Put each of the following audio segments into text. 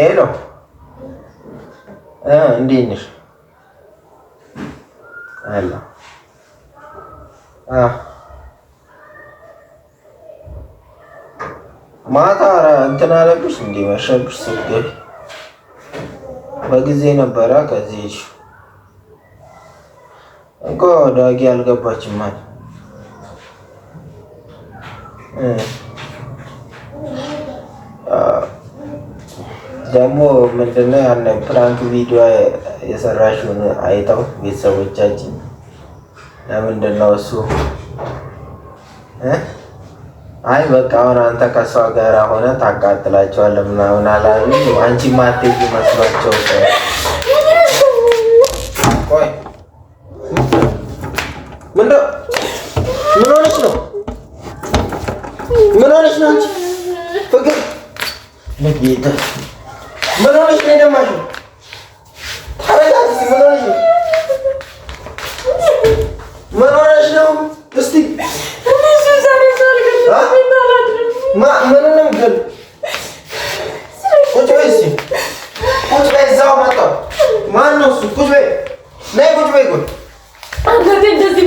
ሄሎ እንዴት ነሽ? ሄሎ ማታ እንትን አለብሽ እንዴ? መሸብሽ ስትገቢ በጊዜ ነበረ። ከዚህ እኮ ዳጊ አልገባችም ማለት ደግሞ ምንድነው ያን ፕራንክ ቪዲዮ የሰራሽውን አይተው ቤተሰቦቻችን ለምንድን ነው እሱ አይ በቃ አሁን አንተ ከሷ ጋር ሆነ ታቃጥላቸዋለህ ምናምን አላሉ። አንቺ ማቴጅ መስሏቸው ምን ሆነች ነው? ምን ሆነች ነው? ፍቅር ምን ሆነሽ ነው የደማሽው? ምን ሆነሽ ነው? እስቲ ምንም ግን ቁጭ በይ እስኪ ቁጭ በይ። እዛው መጣሁ። ማነው እሱ? ቁጭ በይ ነይ፣ ቁጭ በይ ቆይ እንደዚህ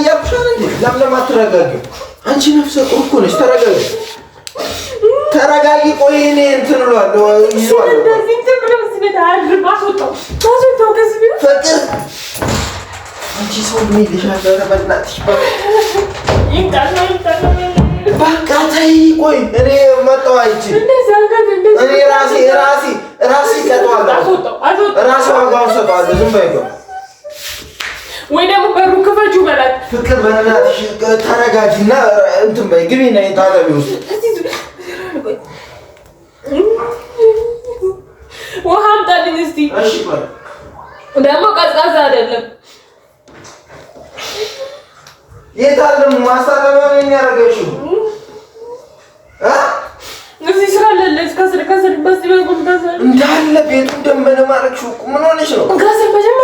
እያብሻል እንዴ? ለምለም አትረጋግም? አንቺ ነፍሰ ጡር እኮ ነሽ። ተረጋጊ፣ ተረጋጊ። ቆይ እኔ እንትን እለዋለሁ። አንቺ ሰው ምን ይልሻል? በእናትሽ በቃ ተይ። ቆይ እኔ መጣሁ። አይቼ እኔ ራሴ ራሴ ራሴ እሰጠዋለሁ። ራሴ ዋጋውን እሰጠዋለሁ። ዝም በይ ወይ ደግሞ በሩ ክፈቹ በላት። ፍቅር በእናትሽ ተረጋጅና እንትን በይ ግቢ ነይ ታጠቢ ውስጥ ውሃ አምጣልኝ እስቲ። ደግሞ ቀዝቃዛ አይደለም። የት አለ ማስታጠቢያ ነው እዚህ ስራ አለ ከስር ከስር በዚህ በኩል ከስር እንዳለ ቤቱ ደንበል ማድረግሽው ምን ሆነሽ ነው? ከስር መጀመሪያ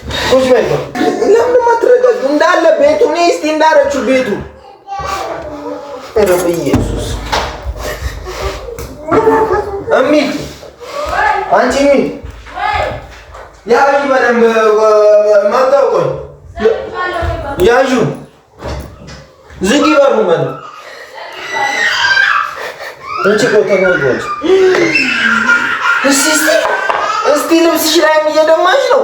ለምንም አትረጋጁ እንዳለ ቤቱ እስኪ እንዳረችው ቤቱ ኢየሱስ እሚት አንቺ ሚት ያዩ በደንብ መጠው ያዩ ዝጊ በሩ ማለት እንቺ እስቲ ልብስሽ ላይ እየደማሽ ነው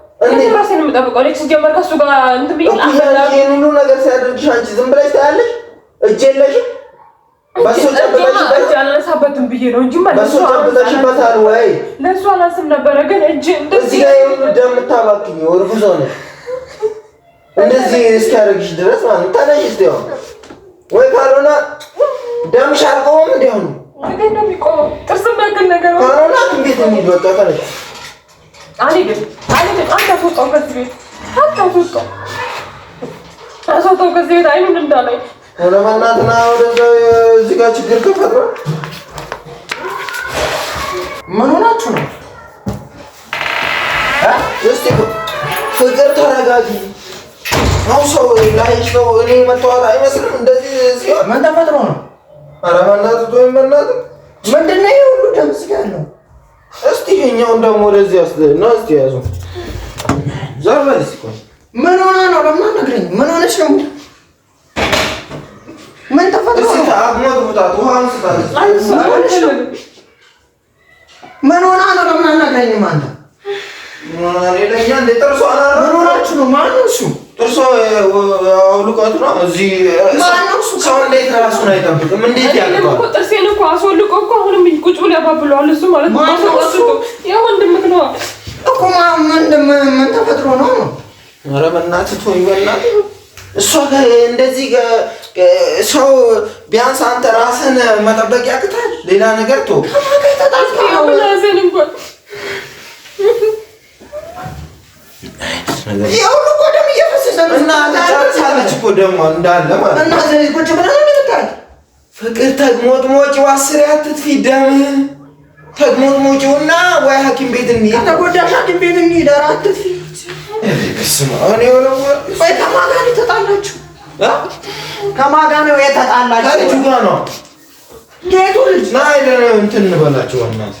የምጠብቀው? ሲጀመር ከሱ ጋር እንትን ብዬሽ ይሄን ሁሉ ነገር ሲያደርግሽ አንቺ ዝም ብለሽ ታያለሽ? እጅ የለሽም? ብዬ ነው እንጂ ወይ? ለእሱ አላስም ነበረ ግን እጅ እዚህ ጋር ይሄ ደም እንደዚህ እስኪያደርግሽ ድረስ ማለት ተነሽ ወይ ካልሆነ ደምሽ አልቆመም። እንዲያውም ነገር ካልሆነ እንዴት የሚል በቃ ተነሽ አልሄድም አልሄድም። አታስወጣው ከዚህ ቤት አታስወጣው፣ ችግር ከፈጥረ ምን ሆናችሁ ነው? እስቲ ፍቅር ተረጋጊ። አሁን ሰው ላይሽ ነው እኔ መተዋት አይመስልም። እንደዚህ ሲሆን ምን ተፈጥሮ ነው? ኧረ መናት ቶ መናት ምንድን ነው ይሄ ሁሉ ደምስ ያለው እስቲ ይሄኛውን ደግሞ ወደዚህ ያስደ ነው። እስቲ ያዙ ዘርበል። ምን ሆነ ነው? ለምን አትነግረኝ? ምን ሆነሽ ነው? ምን ተፈጥሮ ምን ሆነ ነው? ለምን አትነግረኝም? አንተ ጥርሷ ነው ማነው? እሱ ጥርሷ አውልቀት ነው እዚህ ማነው ሰው እንዴት ራሱን አይጠብቅም? እንዴት ያልቀዋል? ጥርሴን እኮ አስወልቆ እኮ አሁንም ቁጭ ብሎ ያባብለዋል። እሱ ማለት ነው ወንድምህ ነው እኮ ምን ተፈጥሮ ነው ነው? ኧረ በእናትህ ተወኝ፣ በእናትህ እሷ እንደዚህ ሰው ቢያንስ አንተ ራስን መጠበቅ ያቅታል። ሌላ ነገር ቶ ነገር ፍቅር ተግሞት ሞጪው አስሬ አትጥፊ ደም ተግሞት ሞጪው ወይ ሐኪም ቤት እንሂድ፣ ተጎዳሽ ሐኪም ቤት እንሂድ። ኧረ አትጥፊ የተጣላችሁ ከማን ነው የተጣላችሁ? ከልጁ ጋር ነው። እንትን እንበላችሁ እናት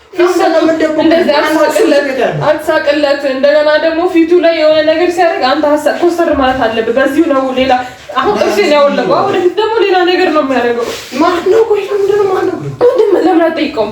አትሳቅለት። እንደገና ደግሞ ፊቱ ላይ የሆነ ነገር ሲያደርግ አንተ ሀሳብ ኮስተር ማለት አለብህ። በዚሁ ነው ሌላ አሁን ጥርሴን ያወለቀው ወደፊት ደግሞ ሌላ ነገር ነው የሚያደርገው። ማለት ቆይ ለምን አትጠይቀውም?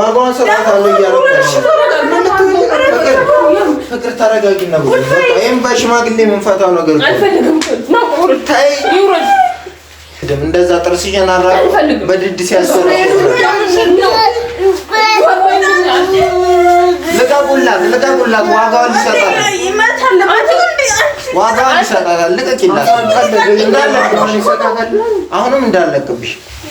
ዋጋውን ስርዓት አለ ፍቅር ተረጋጊና፣ ይህም በሽማግሌ የምንፈታው ነገር እንደዛ ጥርስ ይጀናራ በድድ ልቀቁላት፣ ልቀቁላት። ዋጋውን ይሰጣል፣ ዋጋውን ይሰጣታል። ልቀቂላት። አሁንም እንዳለቅብሽ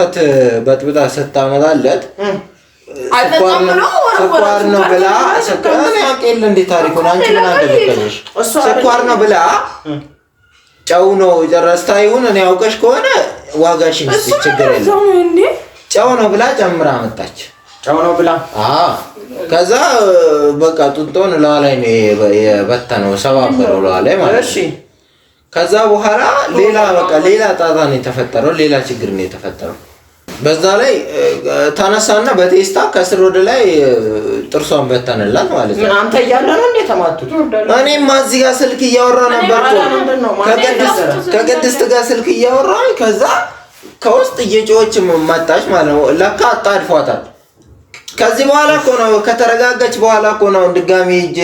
ወተት በጥብጣ ስታመጣለት ስኳር ነው ብላ ያቄል እንዴ ታሪኩ አንቺ ምን አደረገሽ? ስኳር ነው ብላ ጨው ነው ጨረስታ ይሁን እኔ አውቀሽ ከሆነ ዋጋሽ ምስ ችግር የለም። ጨው ነው ብላ ጨምራ መጣች። ጨው ነው ብላ ከዛ በቃ ጡንጦን ለዋላይ ነው የበተነው ሰባበረው ለዋ ላይ ማለት ነው። ከዛ በኋላ ሌላ በቃ ሌላ ጣጣ ነው የተፈጠረው፣ ሌላ ችግር ነው የተፈጠረው። በዛ ላይ ተነሳና በቴስታ ከስር ወደ ላይ ጥርሷን በተንላት ማለት ነው። አንተ እያለ ነው እንዴ ተማቱት? እኔማ እዚህ ጋር ስልክ እያወራ ነበር ከቅድስት ጋር ስልክ እያወራ ከዛ ከውስጥ እየጮች መጣች ማለት ነው። ለካ አጣድፏታል። ከዚህ በኋላ እኮ ነው ከተረጋጋች በኋላ እኮ ነው ድጋሚ እጄ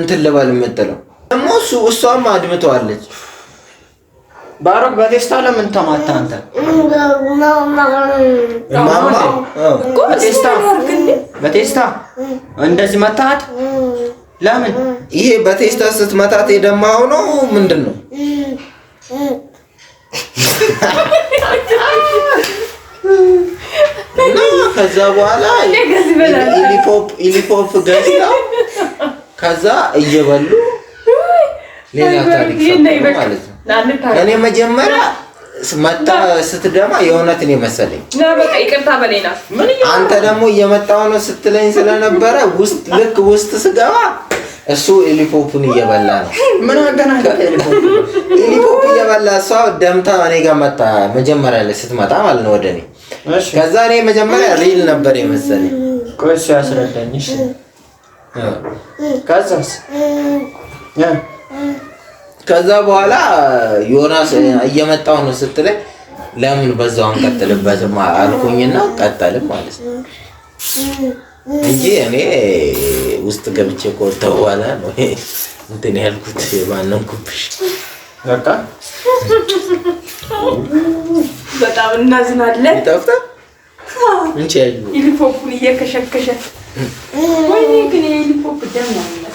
እንትን ልበል የምትለው ደግሞ እሷም አድምተዋለች። ባሮክ በቴስታ ለምን ተማታ? አንተ በቴስታ እንደዚህ መታት ለምን? ይሄ በቴስታ ስትመታት የደማው ነው ምንድን ነው? ከዛ በኋላ ኢሊፖፕ ገዝታ ከዛ እየበሉ ሌላ ታሪክ ማለት ነው። እኔ መጀመሪያ መጣ ስትደማ የእውነት ነው መሰለኝ። አንተ ደግሞ እየመጣው ነው ስትለኝ ስለነበረ ውስጥ ልክ ውስጥ ስገባ እሱ ኤሊፖፑን እየበላ ነው። ምን አገናኝ ኤሊፖፕ እየበላ እሷ ደምታ እኔ ጋር መጣ መጀመሪያ ላይ ስትመጣ ማለት ነው ወደ እኔ። ከዛ እኔ መጀመሪያ ሪል ነበር የመሰለኝ። ቆይ እሱ ያስረዳኝ። ከዛስ ከዛ በኋላ ዮናስ እየመጣው ነው ስትለኝ ለምን በዛው አንቀጥልበትም አልኩኝና ቀጠልም ማለት ነው እንጂ እኔ ውስጥ ገብቼ ከወጣሁ በኋላ ነው እንትን ያልኩት። የማነንኩብሽ በቃ በጣም እናዝናለን። ጠፍታ እንቺ ያዩ ዩኒፎርሙን እየከሸከሸ ወይ ግን የዩኒፎርም ደም ነው